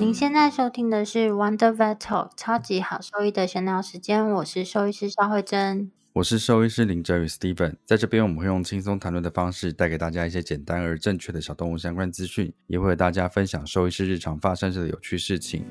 您現在收聽的是 Wonder Vet Talk 超級好獸醫的閒聊時間，我是獸醫師蕭慧珍，我是獸醫師林哲宇 Steven，在這邊我們會用輕鬆談論的方式帶給大家一些簡單而正確的小動物相關資訊，也會和大家分享獸醫師日常發生的有趣事情。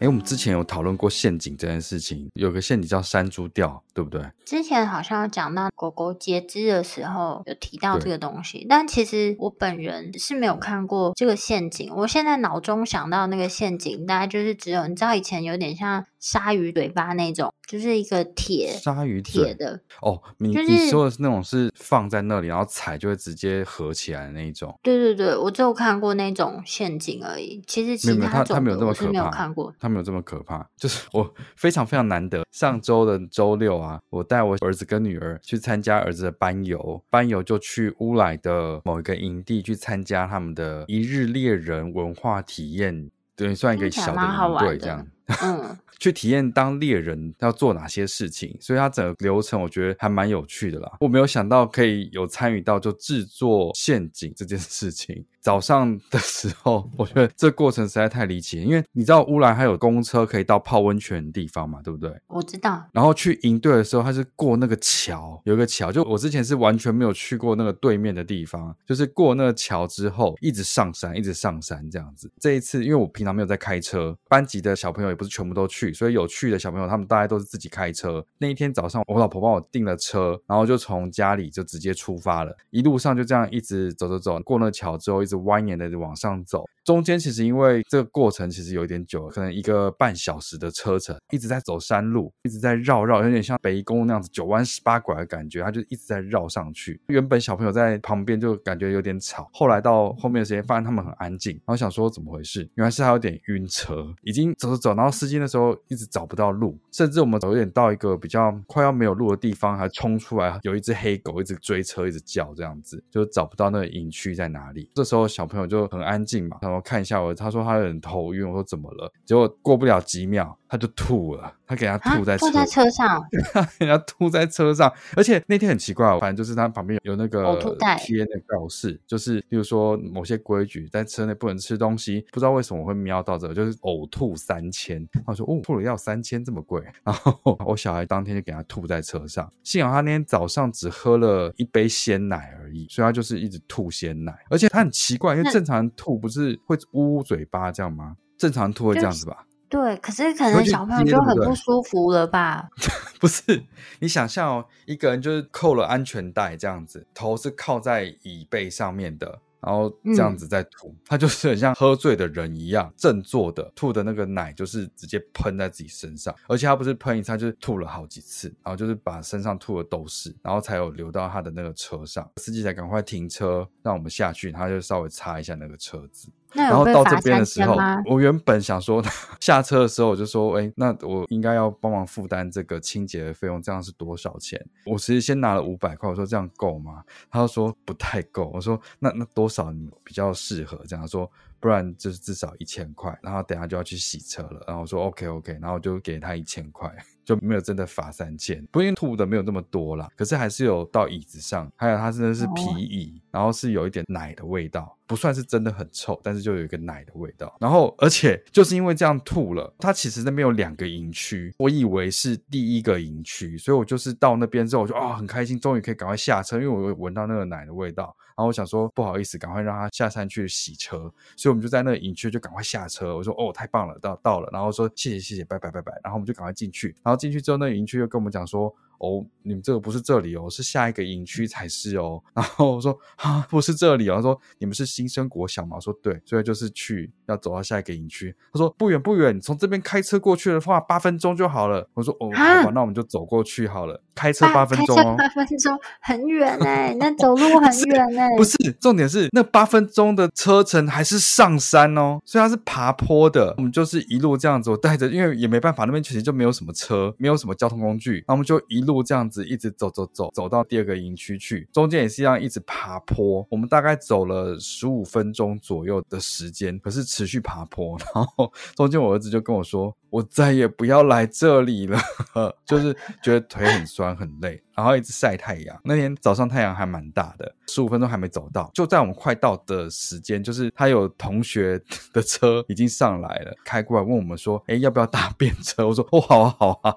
哎，我們之前有討論過陷阱這件事情，有個陷阱叫山豬吊，對不對？之前好像有講到狗狗截肢的時候，有提到這個東西，對但其實我本人是沒有看過這個陷阱。我現在腦中想到那個陷阱，大概就是只有你知道，以前有點像。鯊魚嘴巴那種，就是一個鐵鯊魚鐵的哦。你、就是、你說的是那種是放在那裡，然後踩就會直接合起來的那一種。對對對，我就看過那種陷阱而已。其實其沒有沒他他沒有這麼可怕。沒有他沒有這麼可怕。就是我非常非常難得。上周的周六啊，我帶我兒子跟女兒去參加兒子的班遊，班遊就去烏來的某一個營地去參加他們的一日獵人文化體驗，對，算一個小的團隊這樣。嗯， 去體驗當獵人要做哪些事情，所以他整個流程我覺得還蠻有趣的啦。我沒有想到可以有參與到就製作陷阱這件事情。早上的時候，我覺得這過程實在太離奇，因為你知道烏蘭還有公車可以到泡溫泉的地方嘛，對不對？我知道。然後去營隊的時候，他是過那個橋，有個橋，就我之前是完全沒有去過那個對面的地方，就是過那個橋之後一直上山，一直上山這樣子。這一次，因為我平常沒有在開車，班級的小朋友。不是全部都去，所以有去的小朋友，他們大概都是自己開車。那一天早上，我老婆幫我訂了車，然後就從家裡就直接出發了。一路上就這樣一直走走走，過了橋之後，一直蜿蜒的往上走。中間其實因為這個過程其實有點久了，可能一個半小時的車程，一直在走山路，一直在繞繞，有點像北宜公路那樣子九彎十八拐的感覺，他就一直在繞上去。原本小朋友在旁邊就感覺有點吵，後來到後面的時間發現他們很安靜，然後想說怎麼回事？原來是他有點暈車，已經走走走，然後司機那時候一直找不到路，甚至我們走有點到一個比較快要沒有路的地方，還衝出來有一隻黑狗一直追車，一直叫這樣子，就找不到那個營區在哪裡。這時候小朋友就很安靜嘛，他說。我看一下我，他說他有點頭暈，我說，怎麼了？結果過不了幾秒。他就吐了，他給他吐在車吐在車上， 他給他吐在車上，而且那天很奇怪，反正就是他旁邊有那個嘔吐袋貼的告示，就是比如說某些規矩，在車內不能吃東西，不知道為什麼我會瞄到這個、就是嘔吐三千，他說哦，吐了要三千這麼貴，然後我小孩當天就給他吐在車上，幸好他那天早上只喝了一杯鮮奶而已，所以他就是一直吐鮮奶，而且他很奇怪，因為正常人吐不是會捂嘴巴這樣嗎？正常人吐會這樣子吧？就是對，可是可能小朋友就很不舒服了吧對不對？不是，你想象哦，一個人就是扣了安全帶這樣子，頭是靠在椅背上面的，然後這樣子在吐，嗯、他就是很像喝醉的人一樣正坐的，吐的那個奶就是直接噴在自己身上，而且他不是噴一次，他就是吐了好幾次，然後就是把身上吐的都是，然後才有流到他的那個車上，司機才趕快停車讓我們下去，他就稍微擦一下那個車子。然後到這邊的時候，我原本想說 下車的時候我就說，哎、欸，那我應該要幫忙負擔這個清潔的費用，這樣是多少錢？我其實先拿了五百塊，我說這樣夠嗎？他說不太夠，我說那那多少你比較適合？這樣說。不然就是至少一千塊，然後等下就要去洗車了。然後我說 OK OK，然後我就給他一千塊，就沒有真的罰三千。不過因為吐的沒有那麼多啦，可是還是有到椅子上，還有它真的是皮椅，然後是有一點奶的味道，不算是真的很臭，但是就有一個奶的味道。然後而且就是因為這樣吐了，他其實那邊有兩個營區，我以為是第一個營區，所以我就是到那邊之後，我就啊、哦、很開心，終於可以趕快下車，因為我聞到那個奶的味道。然後我想說不好意思，趕快讓他下山去洗車，所以我們就在那個營區就趕快下車。我說哦，太棒了，到到了。然後說謝謝謝謝，拜拜拜拜。然後我們就趕快進去。然後進去之後，那個營區又跟我們講說。哦，你們這個不是這裡哦，是下一個營區才是哦。然後我說啊，不是這裡哦。他說，你們是新生國小嘛？我說對，所以就是去，要走到下一個營區。他說不遠不遠，從這邊開車過去的話，八分鐘就好了。我說哦，好吧，啊、那我們就走過去好了。開車八分鐘，哦，八分鐘很遠哎，欸，那走路很遠哎，欸。 不是，重點是那八分鐘的車程還是上山哦，所以他是爬坡的。我們就是一路這樣子，我帶着，因為也沒辦法，那邊其實就沒有什麼車，沒有什麼交通工具，那我們就一。路這樣子一直走走走，走到第二個營區去，中間也是一樣一直爬坡。我們大概走了十五分鐘左右的時間，可是持續爬坡。然後中間我兒子就跟我說。我再也不要來這裡了，就是覺得腿很酸很累，然後一直曬太陽。那天早上太陽還蠻大的，十五分鐘還沒走到，就在我們快到的時間，就是他有同學的車已經上來了，開過來問我們說、哎：“誒要不要搭便車？”我說：“哦，好啊，好啊。”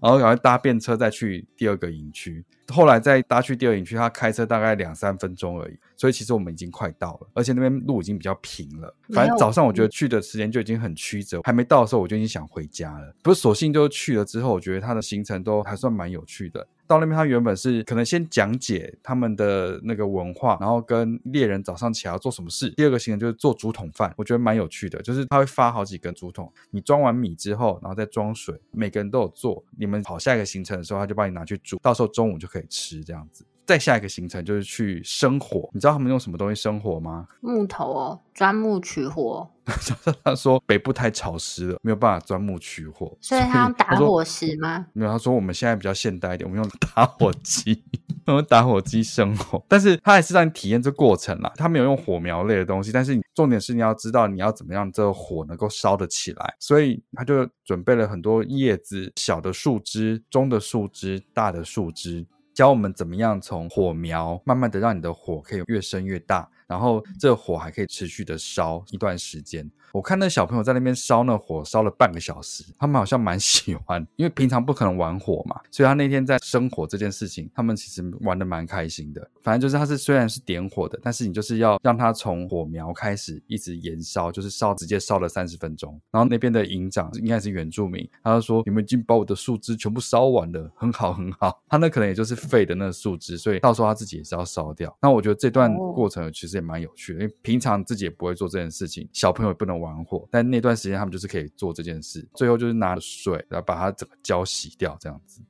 然後趕快搭便車再去第二個營區。後來再搭去第二營區，他開車大概兩三分鐘而已，所以其實我們已經快到了，而且那邊路已經比較平了。反正早上我覺得去的時間就已經很曲折，還沒到的時候我就已經想回家了。不是索性就去了之後，我覺得他的行程都還算蠻有趣的。到那邊，他原本是可能先講解他們的那個文化，然後跟獵人早上起來要做什麼事。第二個行程就是做竹筒飯，我覺得蠻有趣的，就是他會發好幾根竹筒，你裝完米之後，然後再裝水，每個人都有做。你們跑下一個行程的時候，他就幫你拿去煮，到時候中午就可以吃這樣子。再下一個行程就是去生火，你知道他們用什麼東西生火嗎？木頭哦，鑽木取火。 他說北部太潮濕了，沒有辦法鑽木取火。所以他用打火石嗎？沒有，他說我們現在比較現代一點，我們用打火機，用 打火機生火。但是他還是讓你體驗這個過程啦。他沒有用火苗類的東西，但是重點是你要知道你要怎麼樣這個火能夠燒得起來，所以他就準備了很多葉子、小的樹枝、中的樹枝、大的樹枝。教我們怎麼樣從火苗慢慢的讓你的火可以越升越大，然後這火還可以持續的燒一段時間。我看那小朋友在那邊燒那火，燒了半個小時，他們好像蠻喜歡，因為平常不可能玩火嘛，所以他那天在生火這件事情，他們其實玩的蠻開心的。反正就是他是雖然是點火的，但是你就是要讓他從火苗開始一直延燒，就是燒直接燒了三十分鐘。然後那邊的營長應該是原住民，他就說你們已經把我的樹枝全部燒完了，很好很好。他那可能也就是廢的那個樹枝，所以到時候他自己也是要燒掉。那我覺得這段過程其實也蠻有趣的，因為平常自己也不會做這件事情，小朋友也不能玩。玩火，但那段時間他們就是可以做這件事，最後就是拿水，然後把它整個澆洗掉，這樣子。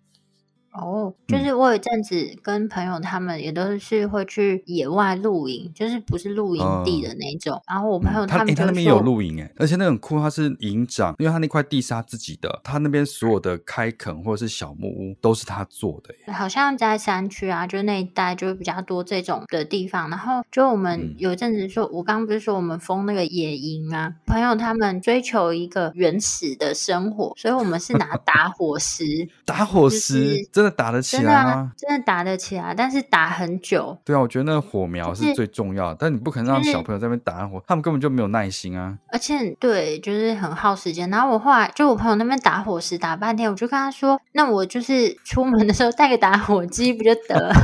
哦，oh, 嗯、就是我有陣子跟朋友他們也都是會去野外露營，就是不是露營地的那種。呃、然後我朋友他們、嗯他欸、他那邊也有露營哎，而且那很酷，他是營長，因為他那塊地是他自己的，他那邊所有的開墾或者是小木屋都是他做的。好像在山區啊，就那一帶就是比較多這種的地方。然後就我們有陣子說，嗯、我剛，剛不是說我們封那個野營啊，朋友他們追求一個原始的生活，所以我們是拿打火石， 打火石、就是、真的。打得起來嗎？真的啊？真的打得起來，但是打很久。對啊，我覺得那個火苗是最重要的，就是、但你不可能讓小朋友在那邊打火，就是、他們根本就沒有耐心啊。而且，對，就是很耗時間。然後我後來就我朋友那邊打火石打半天，我就跟他說：“那我就是出門的時候帶個打火機不就得了？”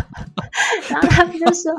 然後他們就說：“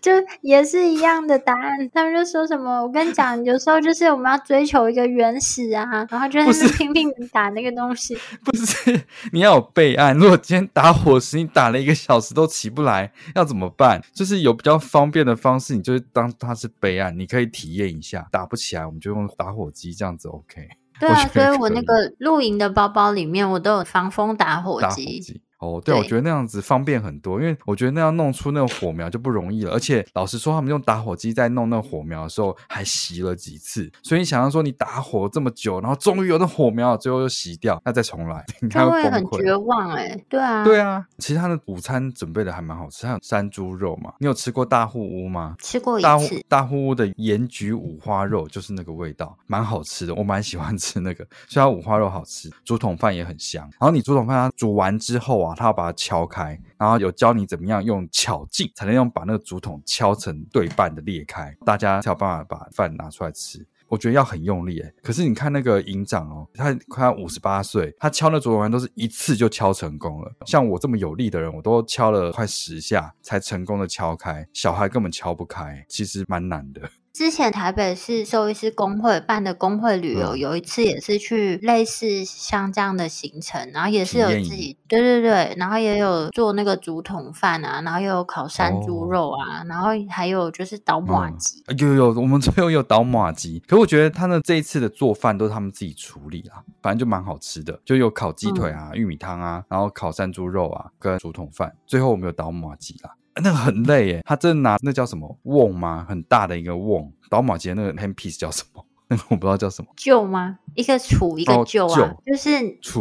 就也是一樣的答案。” 他們就說什麼：“我跟你講，有時候就是我們要追求一個原始啊，然後就是拼命打那個東西。”不是，你要有備案。如果今天打火石你打了一個小時都起不來，要怎麼辦？就是有比較方便的方式，你就當它是備案，你可以體驗一下。打不起來，我們就用打火機這樣子，OK？對啊，我以所以我那個露營的包包裡面，我都有防風打火機。哦，對，對我覺得那樣子方便很多，因為我覺得那樣弄出那個火苗就不容易了。而且老實說，他們用打火機在弄那個火苗的時候，還熄了幾次。所以你想像說你打火這麼久，然後終於有那火苗了，最後又熄掉，那再重來，他會很絕望哎、欸。對啊，對啊。其實他的午餐準備的還蠻好吃，他有山豬肉嘛。你有吃過大戶屋嗎？吃過一次大。大戶屋的鹽焗五花肉就是那個味道，蠻好吃的。我蠻喜歡吃那個。雖然五花肉好吃，竹筒飯也很香。然後你竹筒飯它煮完之後啊。他要把它敲開，然後有教你怎麼樣用巧勁才能用把那個竹筒敲成對半的裂開，大家才有辦法把飯拿出來吃。我覺得要很用力誒、欸，可是你看那個營長哦，他快五十八歲，他敲那竹筒都是一次就敲成功了。像我這麼有力的人，我都敲了快十下才成功的敲開，小孩根本敲不開，其實蠻難的。之前台北市獸醫師公會辦的公會旅遊，嗯、有一次也是去類似像這樣的行程，然後也是有自己對對對，然後也有做那個竹筒飯啊，然後也有烤山豬肉啊，哦、然後還有就是搗麻糬，有有我們最後有搗麻糬，可是我覺得他們這一次的做飯都是他們自己處理啊，反正就蠻好吃的，就有烤雞腿啊、玉米湯啊，然後烤山豬肉啊跟竹筒飯，最後我們有搗麻糬啦。那個很累耶，他真的拿那叫什麼甕嗎？很大的一個甕，倒馬街那個 hand piece 叫什麼？那個我不知道叫什麼，臼嗎？一個杵一個臼啊，oh, 舊就是杵褥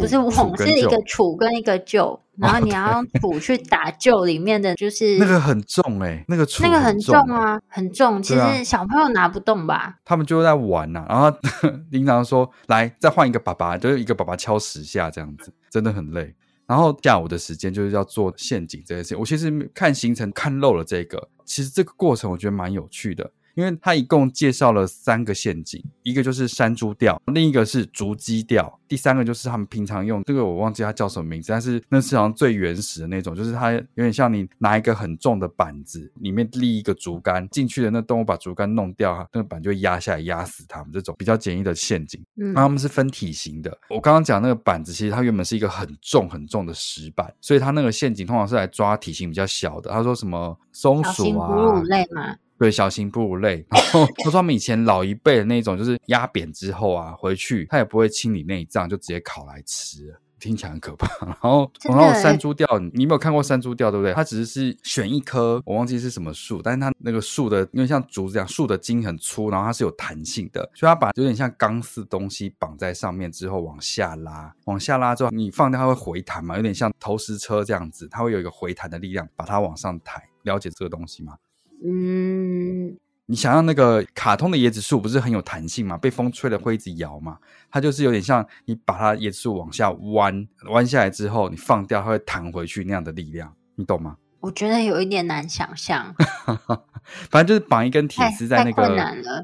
不是甕，是一個杵跟一個臼，然後你要用杵去打臼裡面的，就是、oh, 對 那個很重誒，那個那個很重啊，很重，其實小朋友拿不動吧？啊、他們就在玩吶、啊，然後領導說，來再換一個爸爸，就是一個爸爸敲十下這樣子，真的很累。然後下午的時間就是要做陷阱這件事情，我其實看行程看漏了這個，其實這個過程我覺得蠻有趣的。因為他一共介紹了三個陷阱，一個就是山豬吊，另一個是竹雞吊，第三個就是他們平常用這、那個，我忘記它叫什麼名字，但是那是好像最原始的那種，就是它有點像你拿一個很重的板子，裡面立一個竹竿，進去的那動物把竹竿弄掉，哈，那個板就會壓下來壓死它們，這種比較簡易的陷阱。嗯、然後他們是分體型的，我剛剛講那個板子，其實它原本是一個很重很重的石板，所以它那個陷阱通常是來抓體型比較小的。他說什麼松鼠啊？哺乳類嘛。對，小型哺乳類。然後他說：“我說他們以前老一輩的那種，就是壓扁之後啊，回去他也不會清理內臟，就直接烤來吃，聽起來很可怕。”然後，的然後山豬吊，你有沒有看過山豬吊，對不對？他只是是選一棵，我忘記是什麼樹，但是他那個樹的因為像竹子這樣，樹的莖很粗，然後它是有彈性的，所以他把有點像鋼絲東西綁在上面之後往下拉，往下拉之後你放掉，它會回彈嘛，有點像投石車這樣子，它會有一個回彈的力量把它往上抬。了解這個東西嗎？嗯，你想象那個卡通的椰子樹不是很有彈性嘛？被風吹了會一直搖嘛？它就是有點像你把它椰子樹往下彎，彎下來之後你放掉，它會彈回去那樣的力量，你懂嗎？我覺得有一點難想象。 反正就是綁一根鐵絲在那個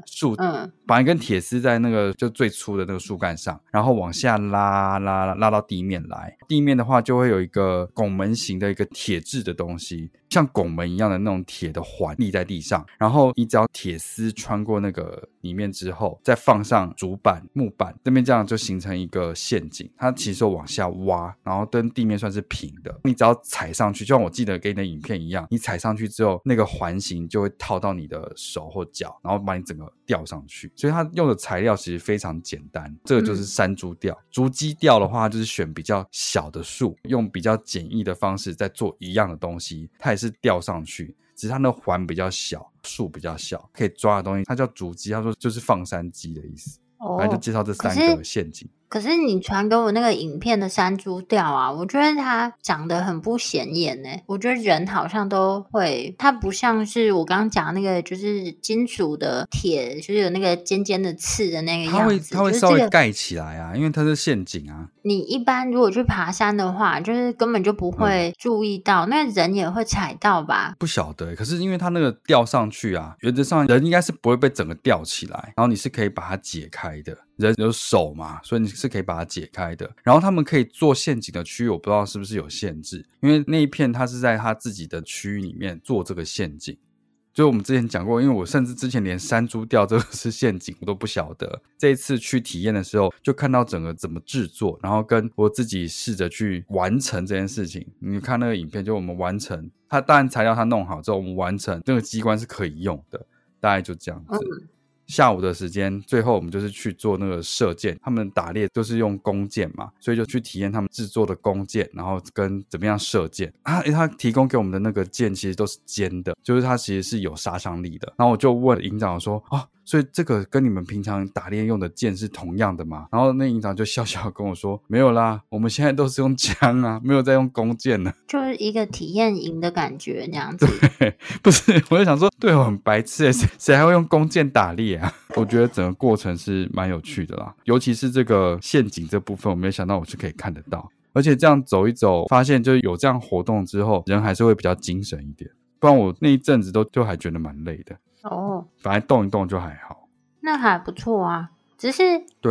樹，嗯，綁一根鐵絲在那個就最粗的那個樹幹上，然後往下拉拉拉到地面來。地面的話就會有一個拱門型的一個鐵質的東西。像拱門一樣的那種鐵的環立在地上，然後你只要鐵絲穿過那個裡面之後，再放上竹板、木板這邊，這樣就形成一個陷阱。它其實往下挖，然後跟地面算是平的。你只要踩上去，就像我記得給你的影片一樣，你踩上去之後，那個環形就會套到你的手或腳，然後把你整個吊上去。所以它用的材料其實非常簡單。這個就是山豬吊，竹雞吊的話就是選比較小的樹，用比較簡易的方式在做一樣的東西，它也是。吊上去，只是它那環比較小，樹比較小，可以抓的東西，它叫竹雞。他說就是放山雞的意思，然後、哦、就介紹這三個陷阱。可是你傳給我那個影片的山豬吊啊，我覺得它長得很不顯眼呢、欸。我覺得人好像都會，它不像是我剛剛講那個，就是金屬的鐵，就是有那個尖尖的刺的那個樣子。它會，它會稍微蓋、這個、起來啊，因為它是陷阱啊。你一般如果去爬山的話，就是根本就不會注意到，嗯、那人也會踩到吧？不曉得、欸。可是因為它那個吊上去啊，原則上人應該是不會被整個吊起來，然後你是可以把它解開的。人有手嘛，所以你是可以把它解開的。然後他們可以做陷阱的區域，我不知道是不是有限制，因為那一片它是在它自己的區域裡面做這個陷阱。就我們之前講過，因為我甚至之前連山豬吊這個是陷阱我都不曉得，這一次去體驗的時候就看到整個怎麼制作，然後跟我自己試着去完成這件事情。你看那個影片，就我們完成它，當然材料它弄好之後，我們完成那個機關是可以用的，大概就這樣子。嗯下午的時間，最後我們就是去做那個射箭。他們打獵都是用弓箭嘛，所以就去體驗他們制作的弓箭，然後跟怎麼樣射箭啊。因為他提供給我們的那個箭其實都是尖的，就是它其實是有殺傷力的。然後我就問營長說：“啊、哦。”所以這個跟你們平常打獵用的箭是同樣的嘛？然後那營長就笑笑跟我說：“沒有啦，我們現在都是用槍啊，沒有在用弓箭呢、啊。”就是一個體驗營的感覺，那樣子。對，不是，我就想說，對，我很白痴欸，誰誰還會用弓箭打獵啊？對我覺得整個過程是蠻有趣的啦，尤其是這個陷阱這部分，我沒想到我是可以看得到，而且這樣走一走，發現就是有這樣活動之後，人還是會比較精神一點，不然我那一陣子都就還覺得蠻累的。哦，反正動一動就還好，那還不錯啊。只是。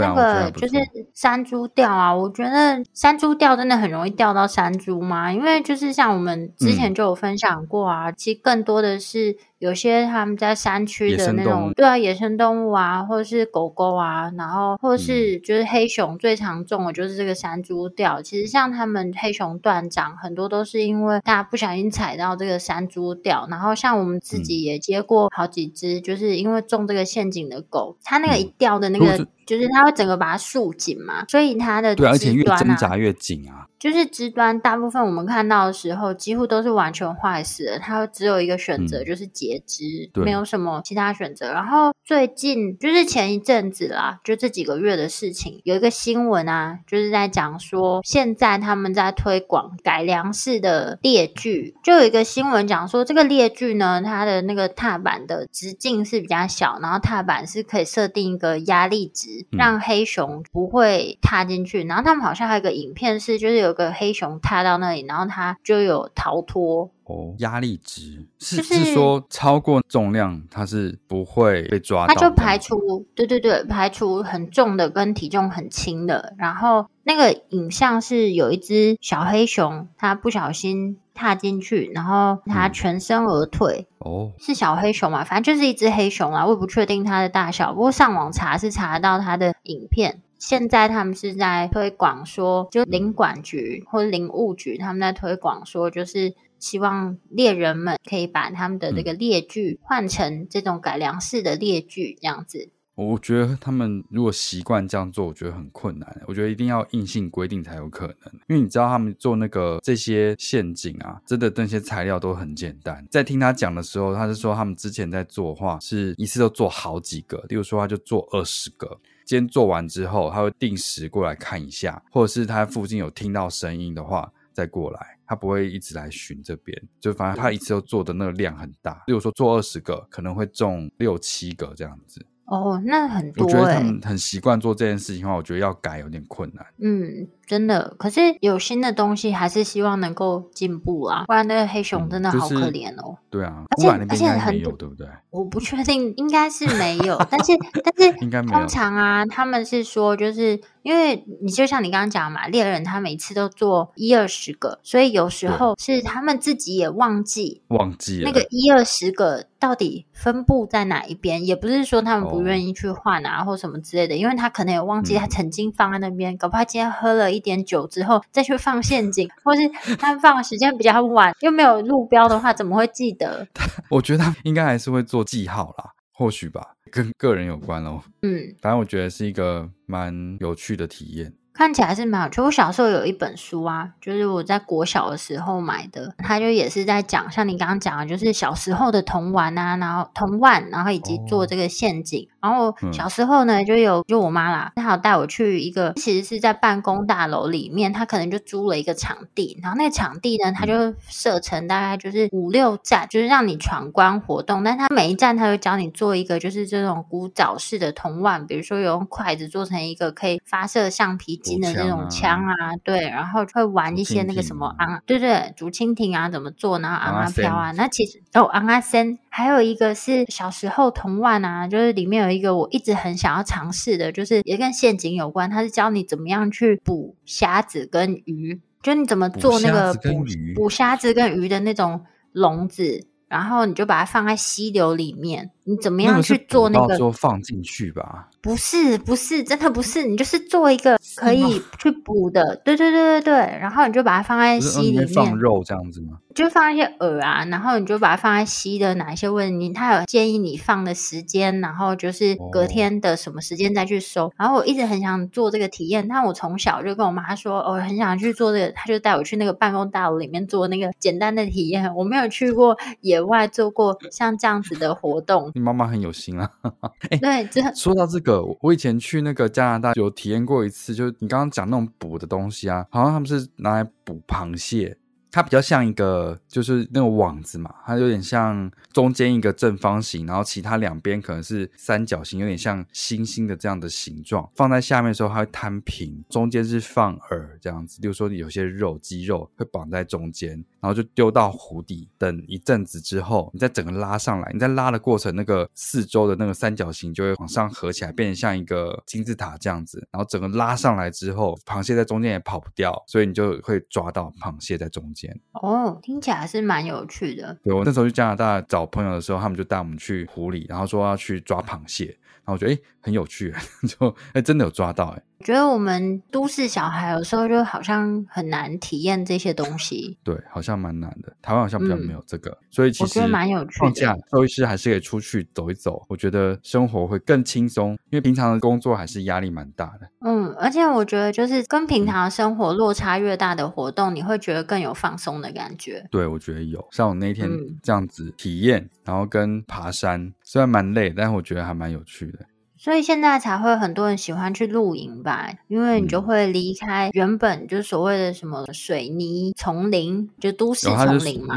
那個就是山豬吊啊，啊我，覺我覺得山豬吊真的很容易吊到山豬嗎？因為就是像我們之前就有分享過啊，嗯、其實更多的是有些他們在山區的那種，對啊，野生動物啊，或者是狗狗啊，然後或是就是黑熊最常中的就是這個山豬吊。嗯、其實像他們黑熊斷掌很多都是因為大家不小心踩到這個山豬吊，然後像我們自己也接過好幾隻，就是因為中這個陷阱的狗，它、嗯、那個一吊的那個。就是它會整個把它束緊嘛，所以它的啊，對啊，而且越掙扎越緊啊。就是肢端大部分我們看到的時候，幾乎都是完全壞死的，它只有一個選擇、嗯、就是截肢，對沒有什麼其他選擇。然後最近就是前一陣子啦，就這幾個月的事情，有一個新聞啊，就是在講說，現在他們在推廣改良式的獵具，就有一個新聞講說，這個獵具呢，它的那個踏板的直徑是比較小，然後踏板是可以設定一個壓力值，讓黑熊不會踏進去。嗯、然後他們好像還有一個影片是，就是有。個黑熊踏到那裡，然後它就有逃脫哦。壓力值，就是是說超過重量，它是不會被抓到。它就排除，對對對，排除很重的跟體重很輕的。然後那個影像是有一隻小黑熊，它不小心踏進去，然後它全身而退，嗯、哦。是小黑熊嘛？反正就是一隻黑熊啊，我也不確定它的大小。不過上網查是查得到它的影片。現在他們是在推廣說，就林管局，或者林務局，他們在推廣說，就是希望獵人們可以把他們的這個獵具換成這種改良式的獵具，這樣子。嗯，我覺得他們如果習慣這樣做，我覺得很困難。我覺得一定要硬性規定才有可能，因為你知道他們做那個這些陷阱啊，真的那些材料都很簡單。在聽他講的時候，他是說他們之前在做的話，是一次都做好幾個，例如說他就做二十個。今天做完之後，他會定時過來看一下，或者是他附近有聽到聲音的話再過來。他不會一直來巡這邊，就反正他一次都做的那個量很大，如果說做二十個，可能會中六七個這樣子。哦，那很多欸。我覺得他們很習慣做這件事情的話，我覺得要改有點困難。嗯。真的，可是有新的東西，還是希望能夠進步啊！不然那個黑熊真的好可憐哦。嗯就是、對啊，而且而且很有，對不對？我不確定，應該是沒有，但是 但是，但是應該沒有。通常啊，他們是說，就是因為你就像你剛剛講嘛，獵人他每次都做一二十個，所以有時候是他們自己也忘記忘記對那個一二十個到底分布在哪一邊，也不是說他們不願意去換啊，哦、或什麼之類的，因為他可能也忘記他曾經放在那邊，嗯、搞不好今天喝了。一點九之後再去放陷阱，或是他們放時間比較晚 又沒有路標的話，怎麼會記得？他我覺得他應該還是會做記號啦，或許吧，跟個人有關咯。嗯，反正我覺得是一個蠻有趣的體驗，看起來是蠻好。就我小時候有一本書啊，就是我在國小的時候買的，它就也是在講像你剛剛講的，就是小時候的童玩啊，然後童玩，然後以及做這個陷阱。哦然後小時候呢，嗯、就有就我媽啦，她正好帶我去一個，其實是在辦公大樓裡面，她可能就租了一個場地。然後那個場地呢，它就設成大概就是五六站，嗯、就是讓你闖關活動。但他每一站，他會教你做一個，就是這種古早式的童玩，比如說有用筷子做成一個可以發射橡皮筋的這種槍啊，對，然後就會玩一些那個什麼昂、嗯，對對，竹蜻蜓啊怎麼做然後，昂、嗯、啊飄啊，那其實哦昂、嗯、啊森，還有一個是小時候童玩啊，就是裡面有。一個我一直很想要嘗試的，就是也跟陷阱有關。它是教你怎麼樣去捕蝦子跟魚，就你怎麼做那個捕，捕蝦子，捕蝦子跟魚的那種籠子，然後你就把它放在溪流裡面。你怎麼樣去做那個？那個放進去吧？不是，不是，真的不是。你就是做一個可以去捕的，嗎對對對對對。然後你就把它放在溪裡面放肉這樣子嗎？就放一些餌啊，然後你就把它放在溪的哪一些位置？他有建議你放的時間，然後就是隔天的什麼時間再去收。Oh. 然後我一直很想做這個體驗，但我從小就跟我媽說，我、哦、很想去做這個，她就帶我去那個辦公大樓裡面做那個簡單的體驗。我沒有去過野外做過像這樣子的活動。 你媽媽很有心啊、 欸！對，說到這個，我以前去那個加拿大有體驗過一次，就是你剛剛講那種捕的東西啊，好像他們是拿來捕螃蟹。它比較像一個，就是那種網子嘛，它有點像中間一個正方形，然後其他兩邊可能是三角形，有點像星星的這樣的形狀。放在下面的時候，它會攤平，中間是放餌這樣子。比如說你有些肉、雞肉會綁在中間，然後就丟到湖底。等一陣子之後，你再整個拉上來，你再拉的過程，那個四周的那個三角形就會往上合起來，變成像一個金字塔這樣子。然後整個拉上來之後，螃蟹在中間也跑不掉，所以你就會抓到螃蟹在中間。哦，聽起來還是蠻有趣的。對，我那時候去加拿大找朋友的時候，他們就帶我們去湖裡，然後說要去抓螃蟹，然後我覺得，誒。很有趣，就哎、欸，真的有抓到哎！我覺得我們都市小孩有時候就好像很難體驗這些東西，對，好像蠻難的。台灣好像比較沒有這個，嗯、所以其實蠻有趣。放假，獸醫師還是可以出去走一走，我覺得生活會更輕鬆，因為平常的工作還是壓力蠻大的。嗯，而且我覺得就是跟平常生活落差越大的活動，嗯、你會覺得更有放鬆的感覺。對，我覺得有，像我那天這樣子體驗，嗯、然後跟爬山，雖然蠻累，但是我覺得還蠻有趣的。所以現在才會很多人喜歡去露營吧，因為你就會離開原本就所謂的什麼水泥叢林，就都市叢林嘛。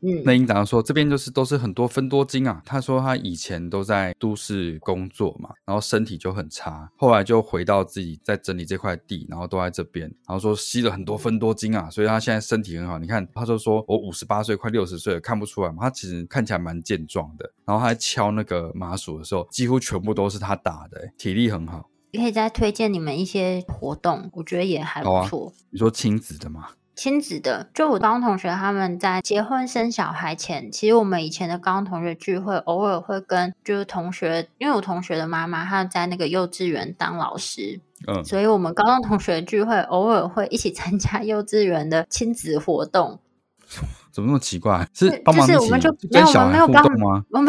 嗯，那營長說這邊就是都是很多芬多精啊。他說他以前都在都市工作嘛，然後身體就很差，後來就回到自己在整理這塊地，然後都在這邊。然後說吸了很多芬多精啊，嗯、所以他現在身體很好。你看，他就說我五十八歲，快六十歲了，看不出來嘛。他其實看起來蠻健壯的。然後他在敲那個麻糬的時候，幾乎全部都是他打的、欸，體力很好。你可以再推薦你們一些活動，我覺得也還不錯、啊。你說親子的嗎？親子的，就我高中同學他們在結婚生小孩前，其實我們以前的高中同學聚會，偶爾會跟就是同學，因為我同學的媽媽她在那個幼稚園當老師，嗯，所以我們高中同學聚會偶爾會一起參加幼稚園的親子活動。怎麼那麼奇怪？是幫忙互動嗎？沒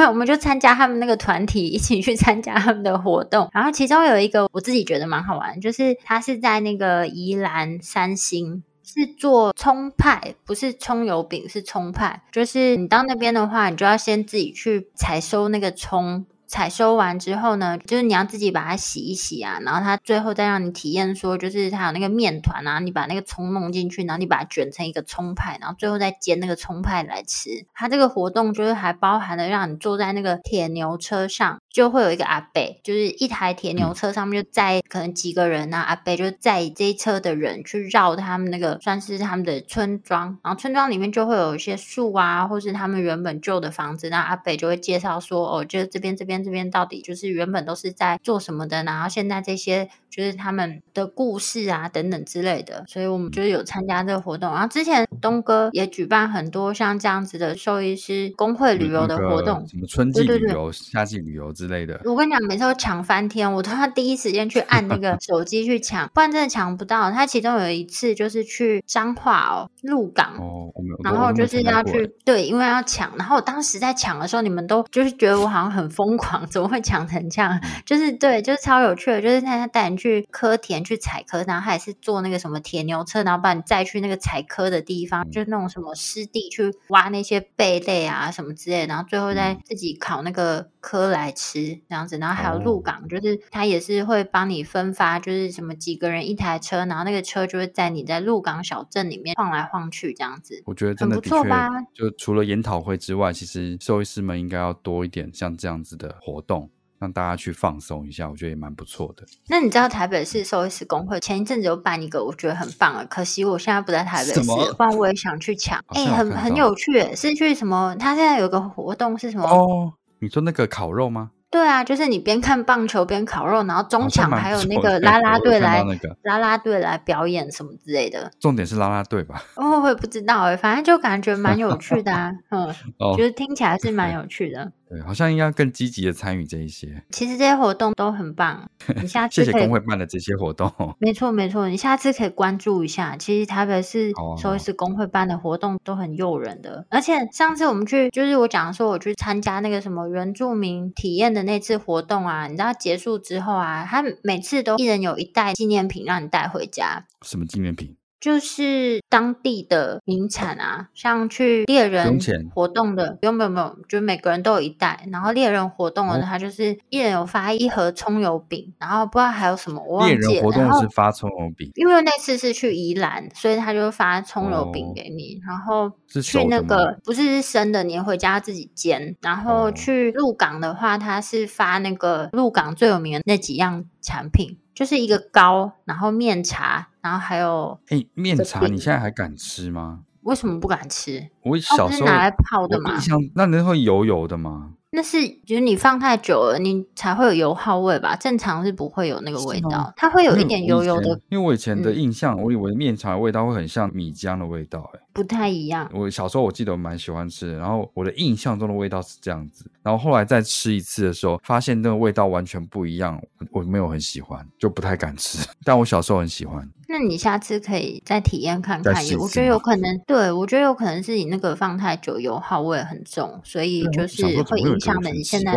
有，我們就參加他們那個團體一起去參加他們的活動。然後其中有一個我自己覺得蠻好玩，就是他是在那個宜蘭三星。是做蔥派，不是蔥油餅，是蔥派。就是你到那邊的話，你就要先自己去採收那個蔥。採收完之後呢，就是你要自己把它洗一洗啊，然後它最後再讓你體驗說，就是它有那個麵糰啊，你把那個蔥弄進去，然後你把它捲成一個蔥派，然後最後再煎那個蔥派來吃。它這個活動就是還包含了讓你坐在那個鐵牛車上，就會有一個阿北，就是一台鐵牛車上面就載可能幾個人啊，阿北就載這一車的人去繞他們那個，算是他們的村莊，然後村莊裡面就會有一些樹啊，或是他們原本舊的房子，那阿北就會介紹說，哦，就是這邊這邊。這邊到底就是原本都是在做什麼的，然後現在這些就是他們的故事啊等等之類的，所以我們就是有參加這個活動。然後之前東哥也舉辦很多像這樣子的獸醫師工會旅遊的活動，什麼春季旅遊、對對對夏季旅遊之類的。我跟你講，每次都搶翻天，我都要第一時間去按那個手機去搶，不然真的搶不到。他其中有一次就是去彰化哦，鹿港哦，然後就是要去、欸、對，因為要搶。然後我當時在搶的時候，你們都就是覺得我好像很瘋狂。 怎麼會講成這樣？就是對，就是超有趣的，就是他他帶你去蚵田去採蚵，然後他也是坐那個什麼鐵牛車，然後把你載去那個採蚵的地方，嗯、就那種什麼濕地去挖那些貝類啊什麼之類，然後最後再自己烤那個蚵來吃，嗯、這樣子。然後還有鹿港，就是他也是會幫你分發，就是什麼幾個人一台車，然後那個車就會在你在鹿港小鎮裡面晃來晃去這樣子。我覺得真的，的很不錯吧？就除了研討會之外，其實獸醫師們應該要多一點像這樣子的。活動讓大家去放鬆一下，我覺得也蠻不錯的。那你知道台北市獸醫師公會前一陣子有辦一個，我覺得很棒啊！可惜我現在不在台北市，不然麼我也想去搶。哎、欸，很很有趣、欸，是去什麼？他現在有個活動是什麼？哦，你說那個烤肉嗎？對啊，就是你邊看棒球邊烤肉，然後中場還有那個拉拉隊來拉拉隊來表演什麼之類的。重點是拉拉隊吧？哦，我也不知道哎、欸，反正就感覺蠻有趣的啊。 嗯，覺得、哦、聽起來是蠻有趣的。 對，好像應該更積極的參與這一些。其實這些活動都很棒， 你下次謝謝公會辦的這些活動。 沒錯沒錯，你下次可以關注一下。其實台北市，所以是公會辦的活動都很誘人的。好啊好啊，而且上次我們去，就是我講說，我去參加那個什麼原住民體驗的那次活動啊，你知道結束之後啊，他每次都一人有一袋紀念品讓你帶回家。什麼紀念品？就是當地的名產啊，像去獵人活動的，不用不用不用，就每個人都有一袋。然後獵人活動的，他就是一人有發一盒蔥油餅，然後不知道還有什麼，我忘記了。獵人活動是發蔥油餅，因為那次是去宜蘭，所以他就發蔥油餅給你。然後去那個不是生的，你回家自己煎。然後去鹿港的話，他是發那個鹿港最有名的那幾樣產品，就是一個糕，然後麵茶。然後還有，哎、欸，麵茶你現在還敢吃嗎？為什麼不敢吃？我小時候、哦、拿來泡的嘛。那那會油油的嗎？那是就是你放太久了，你才會有油耗味吧？正常是不會有那個味道，嗎它會有一點油油的因。因為我以前的印象，嗯、我以為麵茶的味道會很像米漿的味道、欸，不太一樣。我小時候我記得我蠻喜歡吃的，然後我的印象中的味道是這樣子，然後後來再吃一次的時候，發現那個味道完全不一樣，我，我沒有很喜歡，就不太敢吃。但我小時候很喜歡。你下次可以再體驗看看，試試。我覺得有可能，對，我覺得有可能是你那個放太久，油耗味很重，所以就是會影響了你現在。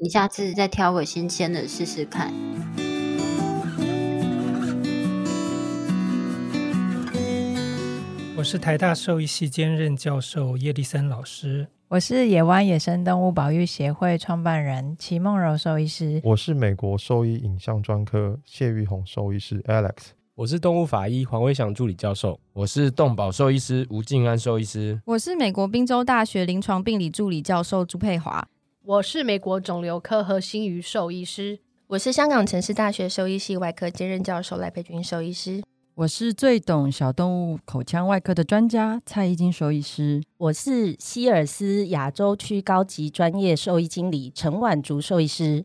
你下次再挑個新鮮的試試看。我是台大獸醫系兼任教授葉立森老師，我是野灣野生動物保育協會創辦人齊夢柔獸醫師，我是美國獸醫影像專科謝玉紅獸醫師 Alex。我是動物法醫黃威祥助理教授，我是動保獸醫師吳靜安獸醫師，我是美國賓州大學臨床病理助理教授朱佩華，我是美國腫瘤科和心魚獸醫師，我是香港城市大學獸醫系外科兼任教授賴佩君獸醫師，我是最懂小動物口腔外科的專家蔡一金獸醫師，我是希爾斯亞洲區高級專，專業獸醫經理陳婉竹獸醫師。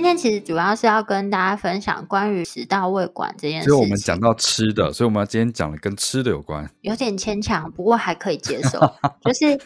今天其實主要是要跟大家分享關於食道餵管這件事情。所以我們講到吃的，所以我們要今天講的跟吃的有關，有點牽強，不過還可以接受。 就是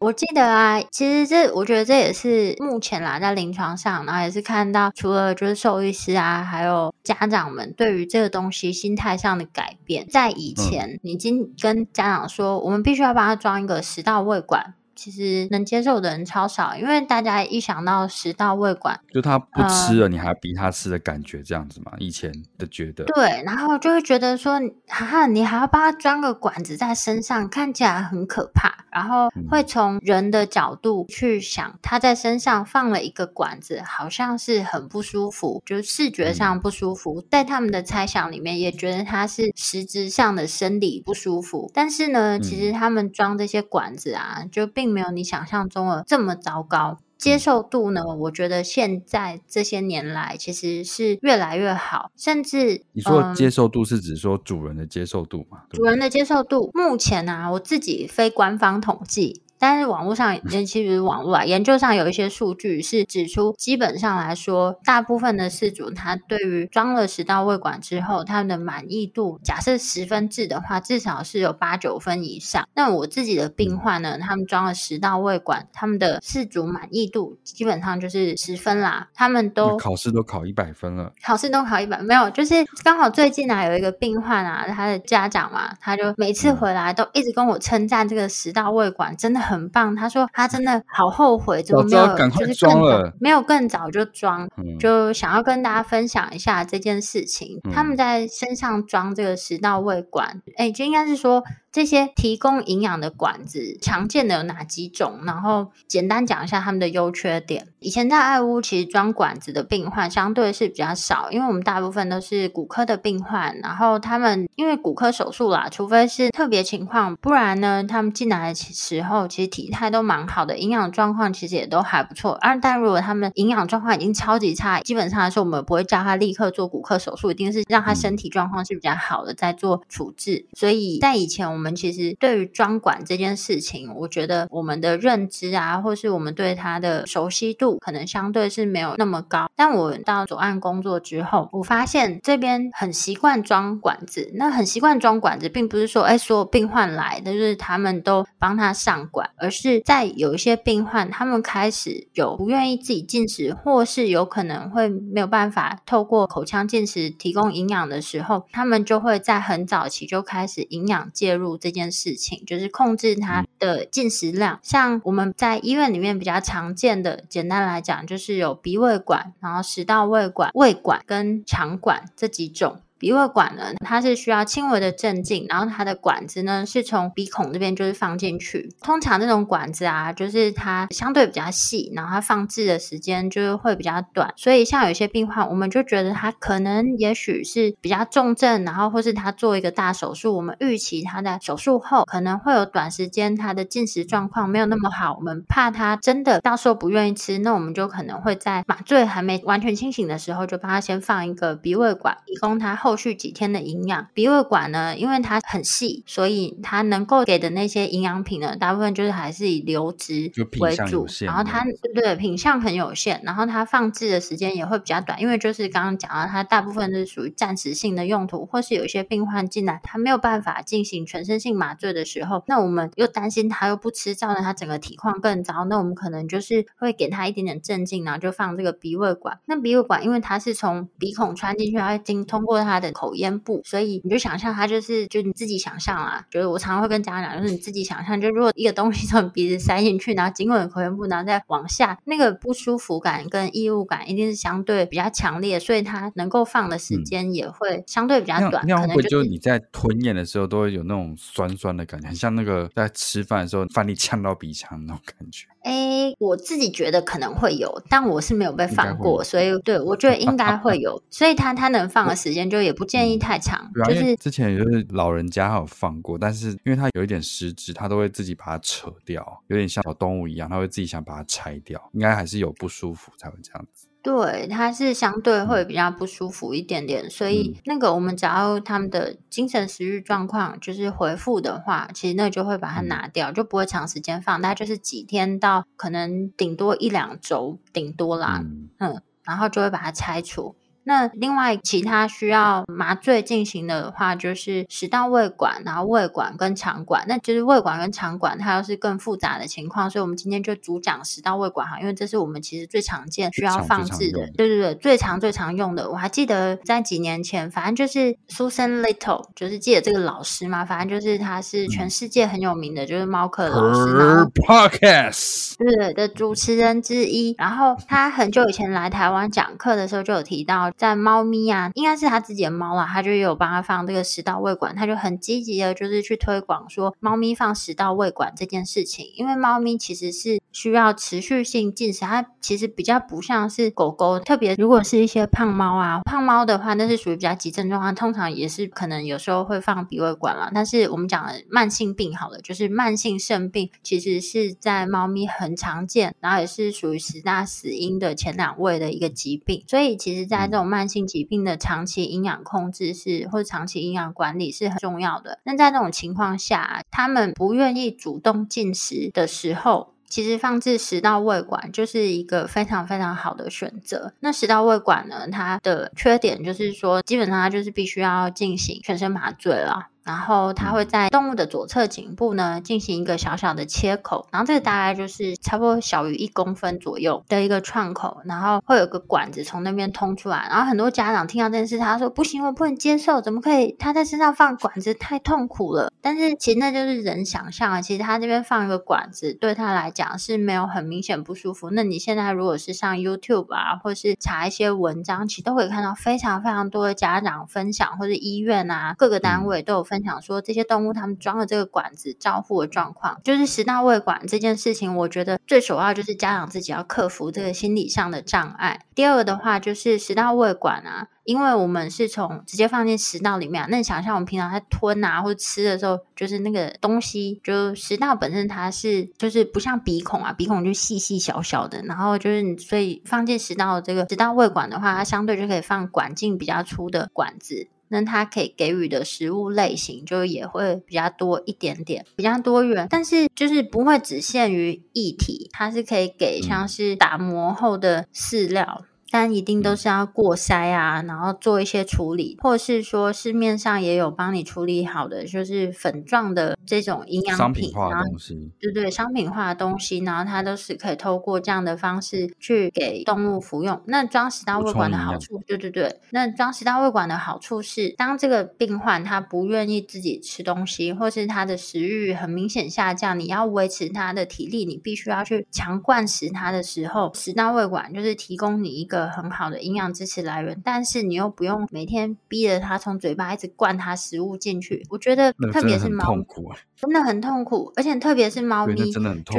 我記得啊，其實這我覺得這也是目前啦，在臨床上，然後也是看到，除了就是獸醫師啊，還有家長們對於這個東西心態上的改變。在以前，嗯、你已經跟家長說，我們必須要幫他裝一個食道餵管。其實能接受的人超少，因為大家一想到食道餵管，就他不吃了，你還逼他吃的感覺，這樣子嘛，呃、以前的覺得對，然後就會覺得說，哈、啊、哈，你還要幫他裝個管子在身上，看起來很可怕，然後會從人的角度去想，嗯、他在身上放了一個管子，好像是很不舒服，就是視覺上不舒服，嗯、在他們的猜想裡面也覺得他是實質上的生理不舒服，但是呢，其實他們裝這些管子啊，嗯、就並並沒有你想象中的這麼糟糕。接受度呢？我覺得現在這些年來其實是越來越好，甚至你說接受度、嗯、是指說主人的接受度嘛？對，對，主人的接受度目前啊，我自己非官方統計。但是網絡上，尤其是網絡啊，研究上有一些數據是指出，基本上來說，大部分的飼主他對於裝了食道胃管之後，他們的滿意度，假設十分制的話，至少是有八九分以上。那我自己的病患呢，他們裝了食道胃管，他們的飼主滿意度基本上就是十分啦，他們都考試都考一百分了，考試都考一百沒有，就是剛好最近啊，有一個病患啊，他的家長嘛、啊，他就每次回來都一直跟我稱讚這個食道胃管真的。很棒，他說他真的好後悔，怎麼沒有就是更早沒有更早就裝，嗯、就想要跟大家分享一下這件事情。嗯、他們在身上裝這個食道胃管，哎、欸，就應該是說。這些提供營養的管子常見的有哪幾種？然後簡單講一下他們的優缺點。以前在愛屋，其實裝管子的病患相對是比較少，因為我們大部分都是骨科的病患，然後他們因為骨科手術啦，除非是特別情況，不然呢，他們進來的時候其實體態都蠻好的，營養狀況其實也都還不錯。啊，但如果他們營養狀況已經超級差，基本上來說我們不會叫他立刻做骨科手術，一定是讓他身體狀況是比較好的再做處置。所以在以前，我們其實對於裝管這件事情，我覺得我們的認知啊，或是我們對它的熟悉度，可能相對是沒有那麼高。但我到左岸工作之後，我發現這邊很習慣裝管子。那很習慣裝管子，並不是說哎所有病患來的就是他們都幫他上管，而是在有一些病患他們開始有不願意自己進食，或是有可能會沒有辦法透過口腔進食提供營養的時候，他們就會在很早期就開始營養介入。這件事情就是控制它的進食量，像我們在醫院裡面比較常見的，簡單來講就是有鼻胃管，然後食道胃管、胃管跟腸管這幾種。鼻胃管呢，它是需要輕微的鎮靜，然後它的管子呢是從鼻孔這邊就是放進去。通常那種管子啊，就是它相對比較細，然後它放置的時間就是會比較短。所以像有些病患，我們就覺得他可能也許是比較重症，然後或是他做一個大手術，我們預期他的手術後可能會有短時間他的進食狀況沒有那麼好，我們怕他真的到時候不願意吃，那我們就可能會在麻醉還沒完全清醒的時候，就幫他先放一個鼻胃管，以供他後。後續幾天的營養，鼻胃管呢，因為它很細，所以它能夠給的那些營養品呢，大部分就是還是以流質為主。然後它對，對品相很有限，然後它放置的時間也會比較短，因為就是剛剛講到，它大部分是屬於暫時性的用途，或是有一些病患進來，他沒有辦法進行全身性麻醉的時候，那我們又擔心他又不吃，造成他整個體況更糟，那我們可能就是會給他一點點鎮靜，然後就放這個鼻胃管。那鼻胃管因為它是從鼻孔穿進去，它已經通過它。的口咽部，所以你就想象它就是，就你自己想象啊。就是我常常會跟家長就是你自己想象，就如果一個東西從鼻子塞進去，然後經過你的口咽部，然後再往下，那個不舒服感跟異物感一定是相對比較強烈，所以它能夠放的時間也會相對比較短。嗯、那會、個、會、那個、就，就是就你在吞咽的時候都會有那種酸酸的感覺，很像那個在吃飯的時候飯粒嗆到鼻腔的那種感覺？哎、欸，我自己覺得可能會有，但我是沒有被放過，所以對，我覺得應該會有， 所以他他能放的時間就也不建議太長。嗯、就是之前就是老人家還有放過，但是因為他有一點失智，他都會自己把它扯掉，有點像小動物一樣，他會自己想把它拆掉，應該還是有不舒服才會這樣子。對，它是相對會比較不舒服一點點，所以那個我們只要他們的精神食欲、狀況就是恢復的話，其實那就會把它拿掉，就不會長時間放，大概就是幾天到可能頂多一兩周頂多啦，嗯，然後就會把它拆除。那另外其他需要麻醉進行的話，就是食道餵管，然後胃管跟腸管，那就是胃管跟腸管，它又是更複雜的情況，所以我們今天就主講食道餵管哈，因為這是我們其實最常見需要放置的，的對對對，最常最常用的。我還記得在幾年前，反正就是 Susan Little，就是記得這個老師嘛，反正就是他是全世界很有名的，嗯、就是貓科的老師，podcast 對,對,對的主持人之一，然後他很久以前來台灣講課的時候就有提到。在貓咪啊，應該是他自己的貓啦，他就有幫他放這個食道餵管，他就很積極的，就是去推廣說貓咪放食道餵管這件事情，因為貓咪其實是需要持續性進食，它其實比較不像是狗狗，特別如果是一些胖貓啊，胖貓的話，那是屬於比較急症狀，它通常也是可能有時候會放鼻胃管了。但是我們講的慢性病好了，就是慢性腎病，其實是在貓咪很常見，然後也是屬於十大死因的前兩位的一個疾病，所以其實在這。有慢性疾病的長期營養控制是，或者長期營養管理是很重要的。那在這種情況下，他們不願意主動進食的時候，其實放置食道胃管就是一個非常非常好的選擇。那食道胃管呢，它的缺點就是說，基本上它就是必須要進行全身麻醉了。然後他會在動物的左側頸部呢進行一個小小的切口，然後這個大概就是差不多小於一公分左右的一個創口，然後會有個管子從那邊通出來。然後很多家長聽到這件事，他說：“不行，我不能接受，怎麼可以他在身上放管子？太痛苦了。”但是其實那就是人想象啊，其實他這邊放一個管子對他來講是沒有很明顯不舒服。那你現在如果是上 YouTube 啊，或是查一些文章，其實都可以看到非常非常多的家長分享，或者醫院啊各個單位都有分分享說，這些動物他們裝了這個管子，照護的狀況。就是食道胃管這件事情，我覺得最首要就是家長自己要克服這個心理上的障礙。第二個的話就是食道胃管啊，因為我們是從直接放進食道裡面，啊，那你想象我們平常在吞啊，或者吃的時候，就是那個東西就食道本身它，是就是不像鼻孔啊，鼻孔就細細小小小的，然後就是所以放進食道這個食道胃管的話，它相對就可以放管徑比較粗的管子。那它可以給予的食物類型，就也會比較多一點點，比較多元，但是就是不會只限於液體，它是可以給像是打磨後的飼料。但一定都是要過篩啊，嗯、然後做一些處理，或是說市面上也有幫你處理好的，就是粉狀的這種營養品，商品化的東西，對對，商品化的東西，對然後它都是可以透過這樣的方式去給動物服用。那裝食道胃管的好處，對對對。那裝食道胃管的好處是，當這個病患他不願意自己吃東西，或是他的食欲很明顯下降，你要維持他的體力，你必須要去強灌食他的時候，食道胃管就是提供你一個。很好的營養支持來源，但是你又不用每天逼着它從嘴巴一直灌它食物進去。我覺得特，特別是貓，真的很痛苦，而且特別是貓咪，就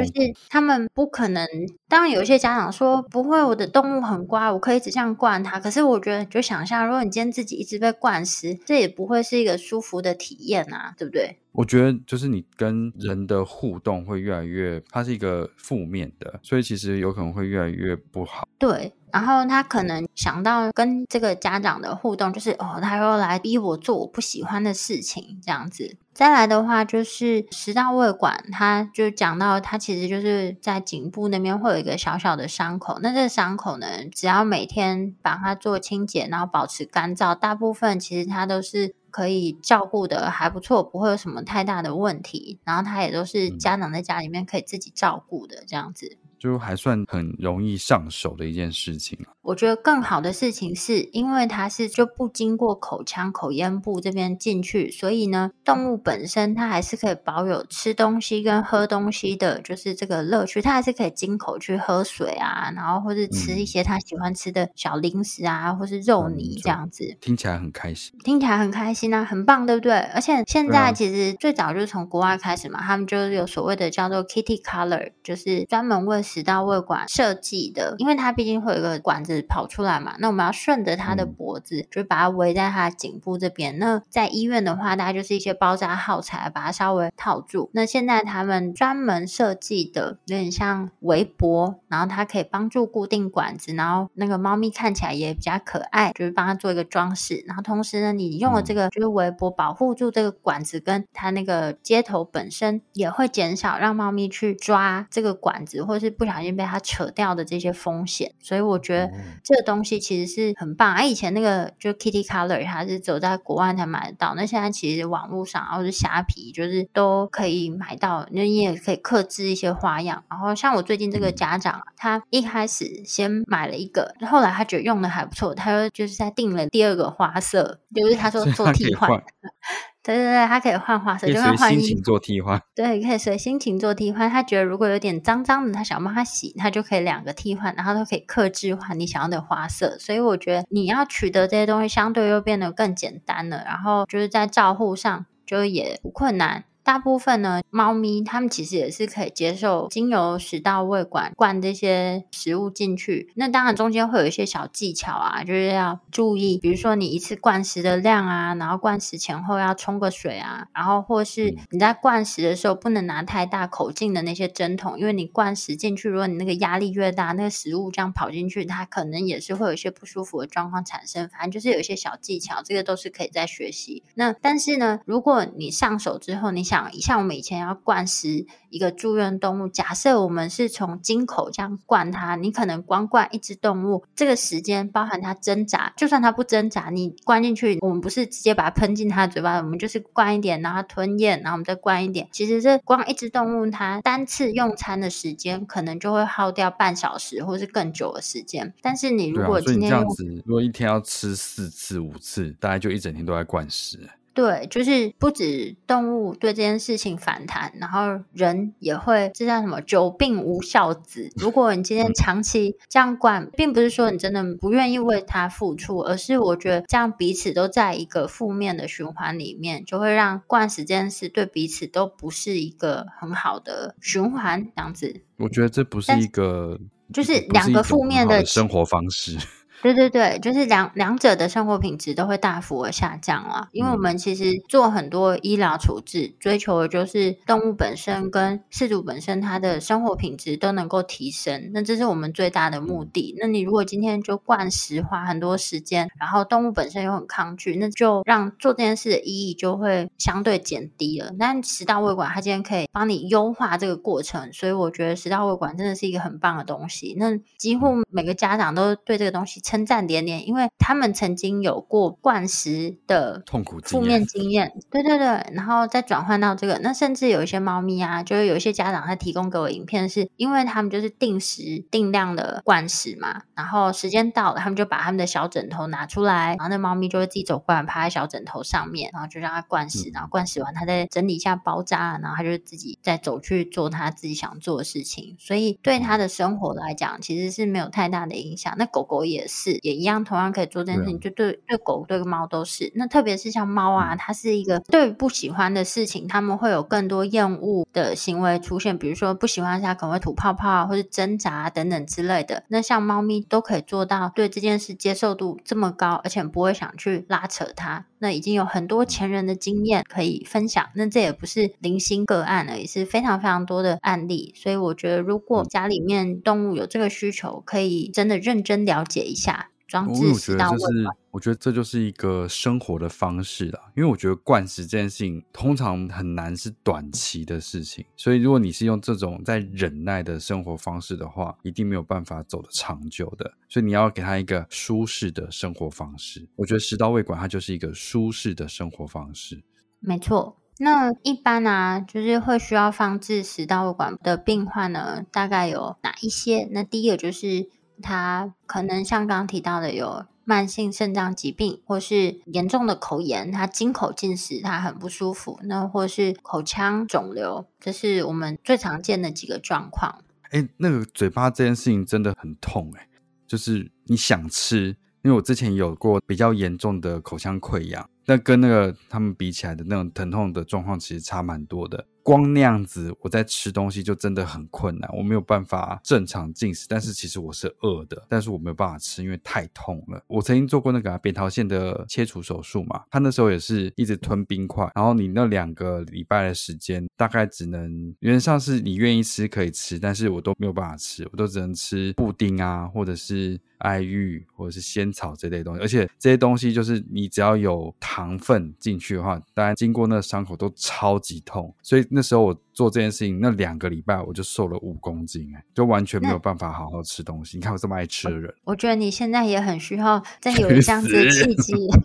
是它們不可能。當然有一些家長說不會，我的動物很乖，我可以一直這樣灌它。可是我覺得，就想象如果你今天自己一直被灌食，這也不會是一個舒服的體驗啊，對不對？我覺得就是你跟人的互動會越來越，它是一個負面的，所以其實有可能會越來越不好。對，然後他可能想到跟這個家長的互動，就是哦，他又來逼我做我不喜歡的事情這樣子。再來的話就是食道餵管，他就講到他其實就是在頸部那邊會有一個小小的傷口，那這個傷口呢，只要每天把它做清潔，然後保持乾燥，大部分其實它都是。可以照顧的還不錯，不會有什麼太大的問題。然後他也都是家長在家裡面可以自己照顧的這樣子，嗯、就還算很容易上手的一件事情我覺得更好的事情是，因為它是就不經過口腔、口咽部這邊進去，所以呢，動物本身它還是可以保有吃東西跟喝東西的，就是這個樂趣，它還是可以經口去喝水啊，然後或是吃一些它喜歡吃的小零食啊，或是肉泥這樣子。聽起來很開心，聽起來很開心啊，很棒，對不對？而且現在其實最早就是從國外開始嘛，他們就有所謂的叫做 Kitty Color，就是專門為食道胃管設計的，因為它畢竟會有一個管子。跑出來嘛？那我們要順着它的脖子，嗯、就把它圍在它頸部這邊。那在醫院的話，大概就是一些包紮耗材，把它稍微套住。那現在他們專門設計的，有點像圍脖，然後它可以幫助固定管子，然後那個貓咪看起來也比較可愛，就是幫它做一個裝飾。然後同時呢，你用了這個，嗯、就是圍脖保護住這個管子跟它那個接頭本身，也會減少讓貓咪去抓這個管子，或是不小心被它扯掉的這些風險。所以我覺得。這個東西其實是很棒啊、哎！以前那個就 Kitty Color，它是走在國外才買得到，那現在其實網絡上，然後是蝦皮，就是都可以買到。那你也可以刻製一些花樣。然後像我最近這個家長，嗯、他一開始先買了一個，後來他覺得用的還不錯，他說就，就是他訂了第二個花色，就是他說做替換.。 對對對，它可以換花色，就隨心情做替換，換衣服。對，可以隨心情做替換。他覺得如果有點髒脏的，他想要幫他洗，他就可以兩個替換，然後都可以客製化你想要的花色。所以我覺得你要取得這些東西，相對又變得更簡單了。然後就是在照護上，就也不困難。大部分呢，貓咪它們其實也是可以接受經由食道餵管灌這些食物進去。那當然中間會有一些小技巧啊，就是要注意，比如說你一次灌食的量啊，然後灌食前後要沖個水啊，然後或是你在灌食的時候不能拿太大口徑的那些針筒，因為你灌食進去，如果你那個壓力越大，那個食物這樣跑進去，它可能也是會有一些不舒服的狀況產生。反正就是有一些小技巧，這個都是可以再學習。那但是呢，如果你上手之後你像像我們以前要灌食一個住院動物，假設我們是從經口這樣灌它，你可能光灌一隻動物，這個時間包含它掙扎，就算它不掙扎，你灌進去，我們不是直接把它噴進它嘴巴，我們就是灌一點，然後吞嚥，然後我們再灌一點。其實這光一隻動物，它單次用餐的時間，可能就會耗掉半小時或是更久的時間。但是你如果今天、啊、這樣子，如果一天要吃四次、五次，大概就一整天都在灌食。對，就是不止動物對這件事情反彈，然後人也會，這叫什麼“久病無孝子”。如果你今天長期這樣灌，並不是說你真的不願意為他付出，而是我覺得這樣彼此都在一個負面的循環裡面，就會讓灌食這件事對彼此都不是一個很好的循環。這樣子，我覺得這不是一個，是就是兩個負面的，的生活方式。對對對，就是兩兩者的生活品質都會大幅的下降了啊，因為我們其實做很多醫療處置，追求的就是動物本身跟飼主本身，它的生活品質都能夠提升，那這是我們最大的目的。那你如果今天就灌食花很多時間，然後動物本身又很抗拒，那就讓做這件事的意義就會相對減低了。但食道胃管它今天可以幫你優化這個過程，所以我覺得食道胃管真的是一個很棒的東西。那幾乎每個家長都對這個東西。稱讚連連，因為他們曾經有過灌食的痛苦負面經驗。對對對，然後再轉換到這個，那甚至有一些貓咪啊，就是有一些家長他提供給我影片是，是因為他們就是定時定量的灌食嘛。然後時間到了，他們就把他們的小枕頭拿出來，然後那貓咪就會自己走過來，趴在小枕頭上面，然後就讓它灌食，然後灌食完，它再整理一下包紮，然後它就自己再走去做它自己想做的事情。所以對它的生活來講，其實是沒有太大的影響。那狗狗也是，是，也一樣，同樣可以做這件事情，就對對狗、對個貓都是。那特別是像貓啊，它是一個對不喜歡的事情，它們會有更多厭惡的行為出現，比如說不喜歡它可能會吐泡泡或是掙扎等等之類的。那像貓咪都可以做到對這件事接受度這麼高，而且不會想去拉扯它。那已經有很多前人的經驗可以分享，那這也不是零星個案了，也是非常非常多的案例。所以我覺得，如果家裡面動物有這個需求，可以真的認真了解一下。我覺得就是，我覺得這就是一個生活的方式啦。因為我覺得灌食這件事情通常很難是短期的事情，所以如果你是用這種在忍耐的生活方式的話，一定沒有辦法走得長久的。所以你要給它一個舒適的生活方式。我覺得食道胃管它就是一個舒適的生活方式。沒錯，那一般啊，就是會需要放置食道胃管的病患呢，大概有哪一些？那第一個就是。他可能像剛提到的，有慢性腎臟疾病，或是嚴重的口炎，他經口進食他很不舒服，那或是口腔腫瘤，這是我們最常見的幾個狀況。欸，那個嘴巴這件事情真的很痛欸，就是你想吃，因為我之前有過比較嚴重的口腔潰瘍，那跟那個他們比起來的那種疼痛的狀況，其實差蠻多的。光那樣子，我在吃東西就真的很困難，我沒有辦法正常進食。但是其實我是餓的，但是我沒有辦法吃，因為太痛了。我曾經做過那個扁桃腺的切除手術嘛，他那時候也是一直吞冰塊。然後你那兩個禮拜的時間，大概只能，原則上是你願意吃可以吃，但是我都沒有辦法吃，我都只能吃布丁啊，或者是。愛玉或者是仙草這類東西，而且這些東西就是你只要有糖分進去的話，當然經過那個傷口都超級痛。所以那時候我做這件事情那兩個禮拜，我就瘦了五公斤，欸，哎，就完全沒有辦法好好吃東西。那你看我這麼愛吃的人，我覺得你現在也很需要再有一樣子的契機。其實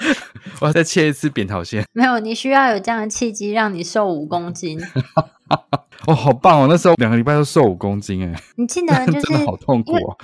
我要再切一次扁桃腺。沒有，你需要有這樣的契機，讓你瘦五公斤。 哦，好棒哦！那時候兩個禮拜就瘦五公斤，欸，哎，你記了，就是真的好痛苦哦。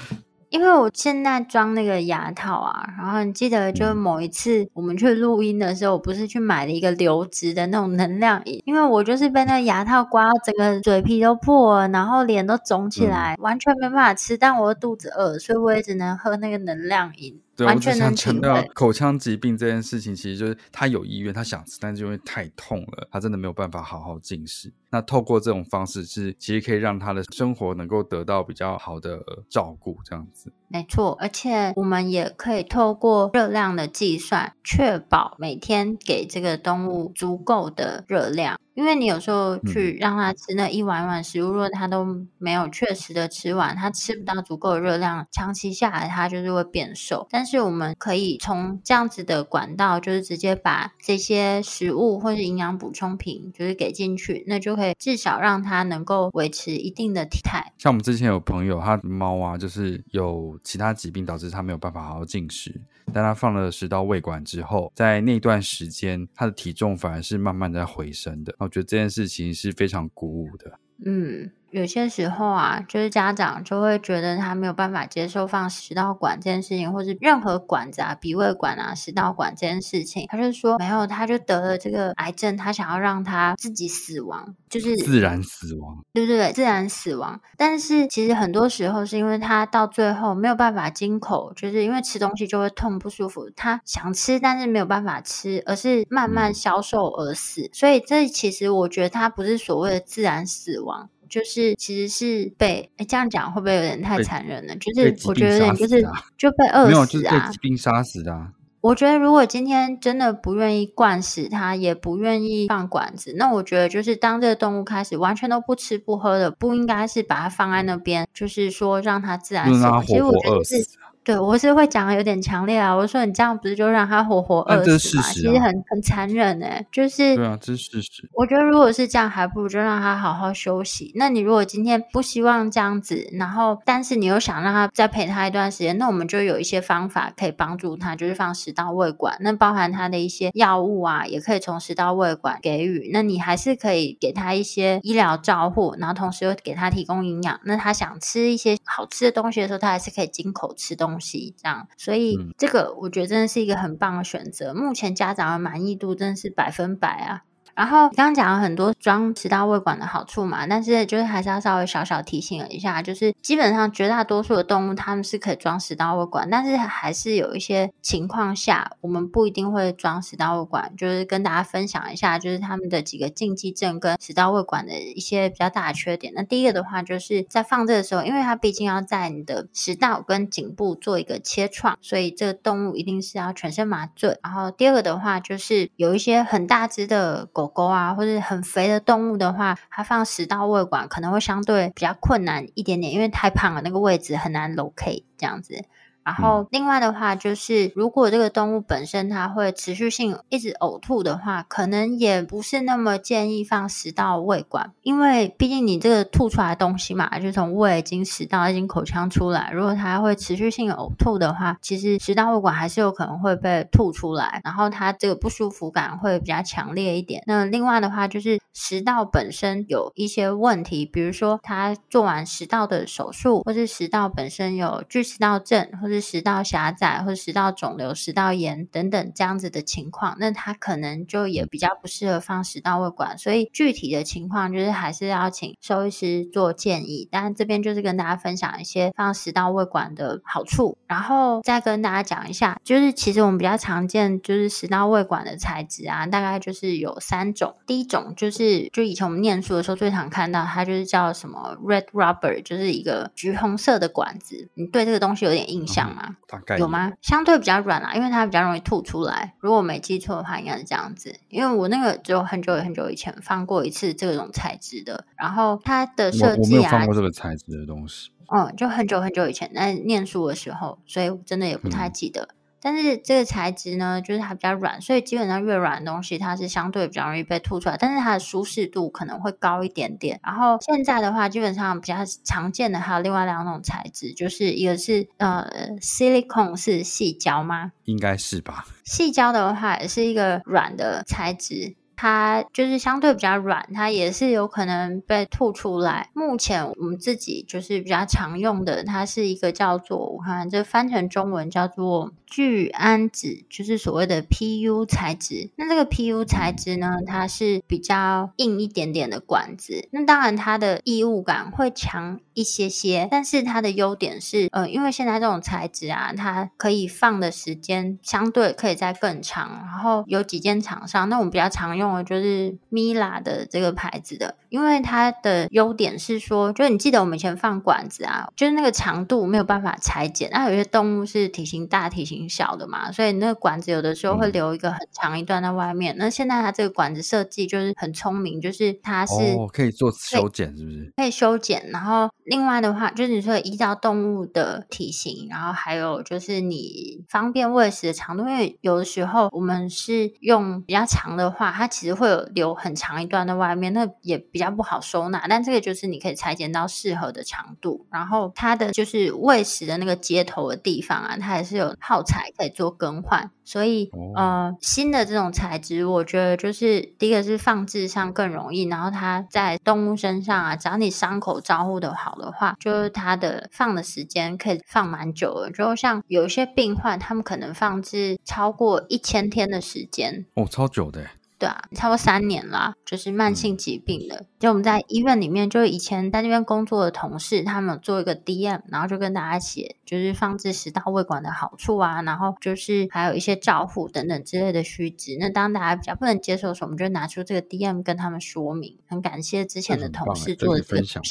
因為我現在裝那個牙套啊，然後你記得，就是某一次我們去錄音的時候，我不是去買了一個流質的那種能量飲，因為我就是被那個牙套刮整個嘴皮都破了，然後臉都腫起來，嗯、完全沒辦法吃，但我肚子餓，所以我也只能喝那個能量飲。對，我只想強調，口腔疾病這件事情，其實就是他有意願，他想吃，但是因為太痛了，他真的沒有辦法好好進食。那透過這種方式，是其實可以讓他的生活能夠得到比較好的照顧，這樣子。沒錯，而且我們也可以透過熱量的計算，確保每天給這個動物足夠的熱量。因為你有時候去讓它吃那一碗一碗食物，嗯、如果它都沒有確實的吃完，它吃不到足夠的熱量，長期下來它就是會變瘦。但是我們可以從這樣子的管道，就是直接把這些食物或是營養補充品，就是給進去，那就可以至少讓它能夠維持一定的體態。像我們之前有朋友，他的貓啊，就是有。其他疾病導致他沒有辦法好好進食，但他放了食道胃管之後，在那段時間他的體重反而是慢慢在回升的，我覺得這件事情是非常鼓舞的。嗯。有些時候啊，就是家長就會覺得他沒有辦法接受放食道管這件事情，或是任何管子啊、鼻胃管啊、食道管這件事情，他就說沒有，他就得了這個癌症，他想要讓他自己死亡，就是自然死亡，對不對？自然死亡。但是其實很多時候是因為他到最後沒有辦法經口，就是因為吃東西就會痛、不舒服，他想吃但是沒有辦法吃，而是慢慢消瘦而死，嗯、所以這其實我覺得他不是所謂的自然死亡。就是其實是被誒這樣講會不會有點太殘忍了？被，就是我覺得有點，就是就被餓死，啊，沒有，就是被疾病殺死的啊。我覺得如果今天真的不願意灌死它，也不願意放管子，那我覺得就是當這個動物開始完全都不吃不喝的，不應該是把它放在那邊，就是說讓它自然死，讓它活活餓死，其實我覺得是。對，我是會講的有點強烈啊。我說你這樣不是就讓他活活餓死嗎？是事實啊、其實很很殘忍哎、欸，就是對啊，這是事實。我覺得如果是這樣，還不如就讓他好好休息。那你如果今天不希望這樣子，然後但是你又想讓他再陪他一段時間，那我們就有一些方法可以幫助他，就是放食道胃管，那包含他的一些藥物啊，也可以從食道胃管給予。那你還是可以給他一些醫療照護，然後同時又給他提供營養。那他想吃一些好吃的東西的時候，他還是可以經口吃東西。東西這樣，所以，嗯，這個我覺得真的是一個很棒的選擇。目前家長的滿意度真的是百分百啊。然後剛剛講了很多裝食道胃管的好處嘛，但是就是還是要稍微小小提醒了一下，就是基本上絕大多數的動物它們是可以裝食道胃管，但是還是有一些情況下我們不一定會裝食道胃管，就是跟大家分享一下，就是它們的幾個禁忌症跟食道胃管的一些比較大的缺點。那第一個的話就是在放置的時候，因為它畢竟要在你的食道跟頸部做一個切創，所以這個動物一定是要全身麻醉。然後第二個的話就是有一些很大只的狗。狗狗啊，或者很肥的動物的話，它放食道餵管可能會相對比較困難一點點，因為太胖了，那個位置很難 locate 這樣子。然後，另外的話就是，如果這個動物本身它會持續性一直嘔吐的話，可能也不是那麼建議放食道胃管，因為畢竟你這個吐出來的東西嘛，就是從胃經食道經口腔出來。如果它會持續性嘔吐的話，其實食道胃管還是有可能會被吐出來，然後它這個不舒服感會比較強烈一點。那另外的話就是，食道本身有一些問題，比如說它做完食道的手術，或是食道本身有巨食道症，或者食道狹窄或者食道腫瘤、食道炎等等這樣子的情況，那他可能就也比較不適合放食道胃管。所以具體的情況就是還是要請獸醫師做建議。但這邊就是跟大家分享一些放食道胃管的好處，然後再跟大家講一下，就是其實我們比較常見就是食道胃管的材質啊，大概就是有三種。第一種就是就以前我們念書的時候最常看到，它就是叫什麼 red rubber，就是一個橘紅色的管子。你對這個東西有點印象？嗯、有嗎？相對比較軟啦，啊，因為它比較容易吐出來。如果我沒記錯的話，應該是這樣子。因為我那個只有很久很久以前放過一次這種材質的，然後它的設計啊，我，我沒有放過這個材質的東西。嗯，就很久很久以前在念書的時候，所以真的也不太記得。嗯但是這個材質呢，就是它比較軟，所以基本上越軟的東西，它是相對比較容易被吐出來。但是它的舒適度可能會高一點點。然後現在的話，基本上比較常見的還有另外兩種材質，就是一個是呃 silicone 是矽膠嗎？應該是吧。矽膠的話也是一個軟的材質。它就是相對比較軟，它也是有可能被吐出來。目前我們自己就是比較常用的，它是一個叫做……我看這翻成中文叫做聚氨酯，就是所謂的 PU 材質。那這個 PU 材質呢，它是比較硬一點點的管子。那當然它的異物感會強一些些，但是它的優點是，呃，因為現在這種材質啊，它可以放的時間相對可以再更長。然後有幾間廠商，那我們比較常用。用的就是米拉的這個牌子的，因為它的優點是說，就你記得我們以前放管子啊，就是那個長度沒有辦法裁剪。那、啊、有些動物是體型大、體型小的嘛，所以那個管子有的時候會留一個很長一段在外面。嗯、那現在它這個管子設計就是很聰明，就是它是可以、哦、可以做修剪，是不是？可以修剪。然後另外的話，就是你說依照動物的體型，然後還有就是你方便餵食的長度，因為有的時候我們是用比較長的話，它其實會有留很長一段在外面，那個、也比較不好收納。但這個就是你可以裁剪到適合的長度，然後它的就是餵食的那個接頭的地方啊，它也是有耗材可以做更換。所以、oh. 呃，新的這種材質，我覺得就是第一個是放置上更容易，然後它在動物身上啊，只要你傷口招呼的好的話，就是它的放的時間可以放蠻久的。就像有些病患，他們可能放置超過一千天的時間哦，oh, 超久的。對啊，差不多三年啦、啊，就是慢性疾病的。就我們在醫、e、院裡面，就以前在那邊工作的同事，他們做一個 DM，然後就跟大家寫，就是放置食道胃管的好處啊，然後就是還有一些照護等等之類的須知。那當大家比較不能接受的時候，我們就拿出這個 DM 跟他們說明。很感謝之前的同事做的、欸、分享。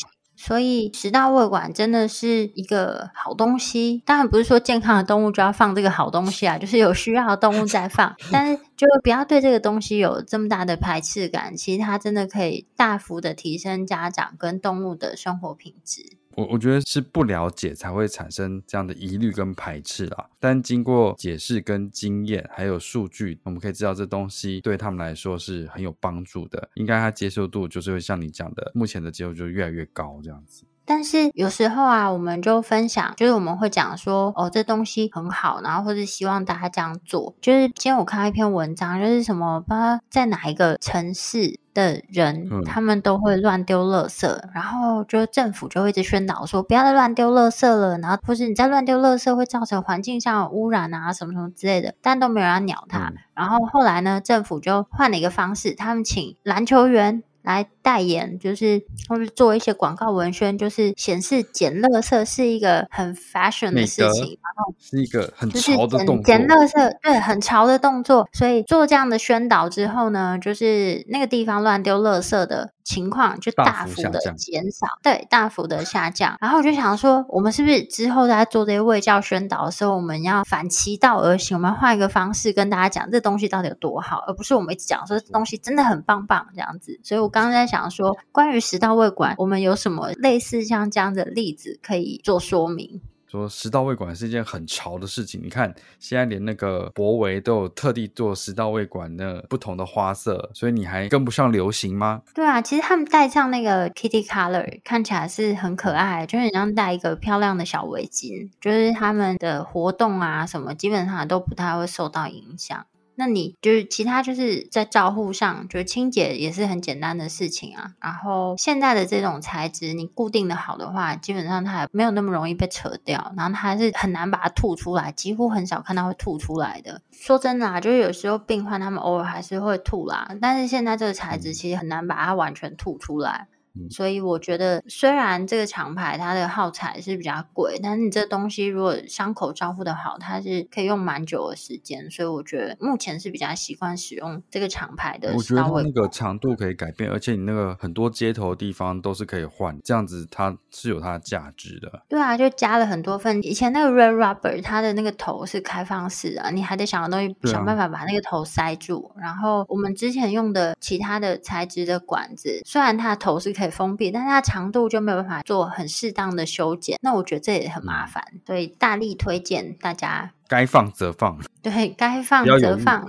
所以，食道餵管真的是一個好東西。當然，不是說健康的動物就要放這個好東西啊，就是有需要的動物再放。但是，就不要對這個東西有這麼大的排斥感。其實，它真的可以大幅的提升家長跟動物的生活品質。我我覺得是不了解，才會產生這樣的疑慮跟排斥啦。但經過解釋跟經驗，還有數據，我們可以知道這東西對他們來說是很有幫助的。應該他接受度就是會像你講的，目前的接受就越來越高這樣子。但是有時候啊，我們就分享，就是我們會講說哦，這東西很好，然後或是希望大家這樣做。就是今天我看到一篇文章，就是什麼不知道在哪一個城市，的人，他們都會亂丟垃圾，嗯、然後就政府就一直宣導說不要再亂丟垃圾了，然後或是你再亂丟垃圾會造成環境上污染，啊什麼什麼之類的，但都沒有人要鳥他。嗯、然後後來呢，政府就換了一個方式，他們請籃球員來。代言就是，或是做一些廣告文宣，就是顯示撿垃圾是一個很 fashion 的事情，的然後是，是一個很潮的動作。撿垃圾，對，很潮的動作。所以做這樣的宣導之後呢，就是那個地方亂丟垃圾的情況就大幅的減少，對，大幅的下降。然後我就想說，我們是不是之後在做這些衛教宣導的時候，我們要反其道而行，我們要換一個方式跟大家講這東西到底有多好，而不是我們一直講說這東西真的很棒棒這樣子。所以我剛剛在想。講說關於食道餵管，我們有什麼類似像這樣的例子可以做說明？說食道餵管是一件很潮的事情，你看現在連那個脖圍都有特地做食道餵管的不同的花色，所以你還跟不上流行嗎？對啊，其實他們戴上那個 Kitty Color 看起來是很可愛，就很像戴一個漂亮的小圍巾，就是他們的活動啊什麼，基本上都不太會受到影響。那你就是其他就是在照護上，就是清潔也是很簡單的事情啊。然後現在的這種材質，你固定的好的話，基本上它也沒有那麼容易被扯掉，然後它還是很難把它吐出來，幾乎很少看到會吐出來的。說真的啊，就是有時候病患他們偶爾還是會吐啦，但是現在這個材質其實很難把它完全吐出來。所以我覺得，雖然這個廠牌它的耗材是比較貴，但是你這東西如果傷口照顧的好，它是可以用蠻久的時間。所以我覺得目前是比較習慣使用這個廠牌的。我覺得那個長度可以改變，而且你那個很多接頭的地方都是可以換，這樣子它是有它的價值的。對啊，就加了很多份。以前那個 Red Rubber 它的那個頭是開放式的，你還得想個東西，啊、想辦法把那個頭塞住。然後我們之前用的其他的材質的管子，雖然它的頭是可以。很封閉，但它長度就沒有辦法做很適當的修剪，那我覺得這也很麻煩，嗯、所以大力推薦大家該放則放，對，該放則放。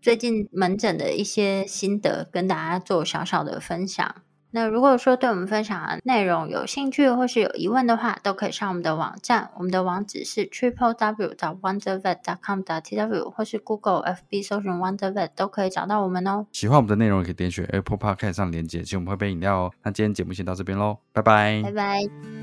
最近門診的一些心得，跟大家做小小的分享。那如果說對我們分享的內容有興趣，或是有疑問的話，都可以上我們的網站，我們的網址是 triple w. wondervet. com. t w 或是 Google F B. 搜尋 wondervet 都可以找到我們哦。喜歡我們的內容，也可以點選 Apple Podcast 上的連接，請我們喝杯飲料哦。那今天節目先到這邊嘍，拜拜。拜拜。